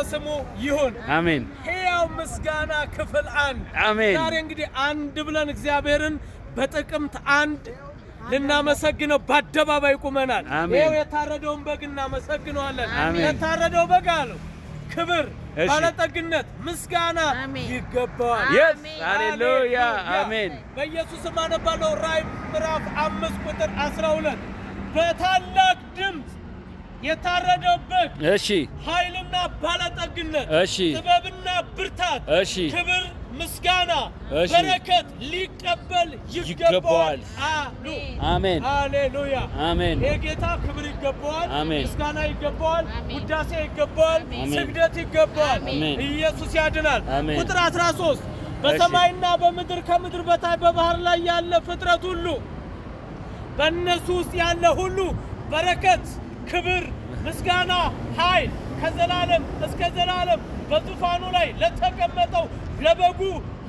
ለስሙ ይሁን አሜን። ሕያው ምስጋና ክፍል አንድ አሜን። ዛሬ እንግዲህ አንድ ብለን እግዚአብሔርን በጥቅምት አንድ ልናመሰግነው በአደባባይ ቁመናል። ይኸው የታረደውን በግ እናመሰግነዋለን። የታረደው በግ አለው ክብር፣ ባለጠግነት፣ ምስጋና ይገባዋል። የስ ሃሌሉያ አሜን። በኢየሱስም አነባለው ራዕይ ምዕራፍ አምስት ቁጥር አስራ ሁለት በታላቅ ድምፅ የታረደበት እሺ፣ ኃይልና ባለጠግነት እሺ፣ ጥበብና ብርታት እሺ፣ ክብር ምስጋና፣ በረከት ሊቀበል ይገባዋል አሉ። አሜን፣ ሃሌሉያ፣ አሜን። የጌታ ክብር ይገባዋል፣ ምስጋና ይገባዋል፣ ውዳሴ ይገባዋል፣ ስግደት ይገባዋል። ኢየሱስ ያድናል። ቁጥር 13 በሰማይና በምድር ከምድር በታች በባህር ላይ ያለ ፍጥረት ሁሉ በእነሱ ውስጥ ያለ ሁሉ በረከት ክብር፣ ምስጋና፣ ኃይል ከዘላለም እስከ ዘላለም በዙፋኑ ላይ ለተቀመጠው ለበጉ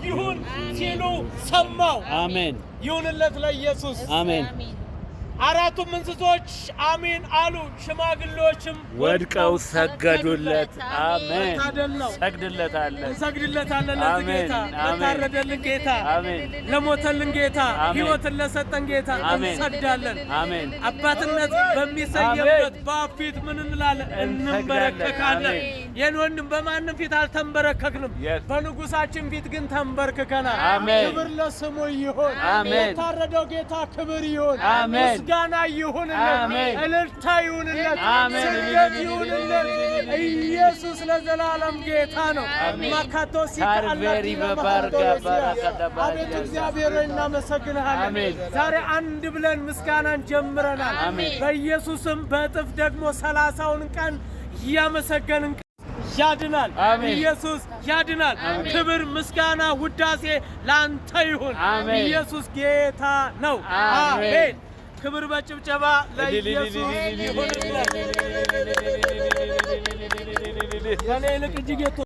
ይሁን ሲሉ ሰማው። አሜን። ይሁንለት ለኢየሱስ አሜን። አራቱም እንስሶች አሚን አሉ። ሽማግሌዎችም ወድቀው ሰገዱለት። አሜን ሰግድለታለን፣ እንሰግድለታለን። ለዚህ ጌታ ለታረደልን ጌታ፣ አሜን። ለሞተልን ጌታ፣ ሕይወትን ለሰጠን ጌታ እንሰግዳለን። አባትነት በሚሰየምበት በአብ ፊት ምን እንላለን? እንበረከካለን። የኔ ወንድም በማንም ፊት አልተንበረከክንም፣ በንጉሳችን ፊት ግን ተንበርክከናል። ክብር ለስሙ ይሆን፣ የታረደው ጌታ ክብር ይሆን፣ ምስጋና ይሁንለት፣ እልልታ ይሁንለት፣ ስግደት ይሁንለት። ኢየሱስ ለዘላለም ጌታ ነው። ማካቶ ሲቃለት አቤት እግዚአብሔር እናመሰግንሃለን። ዛሬ አንድ ብለን ምስጋናን ጀምረናል። በኢየሱስም በእጥፍ ደግሞ ሰላሳውን ቀን እያመሰገንን ያድናል። ኢየሱስ ያድናል። ክብር፣ ምስጋና፣ ውዳሴ ላንተ ይሁን። ኢየሱስ ጌታ ነው። አሜን። ክብር በጭብጨባ ለኢየሱስ ይሁን።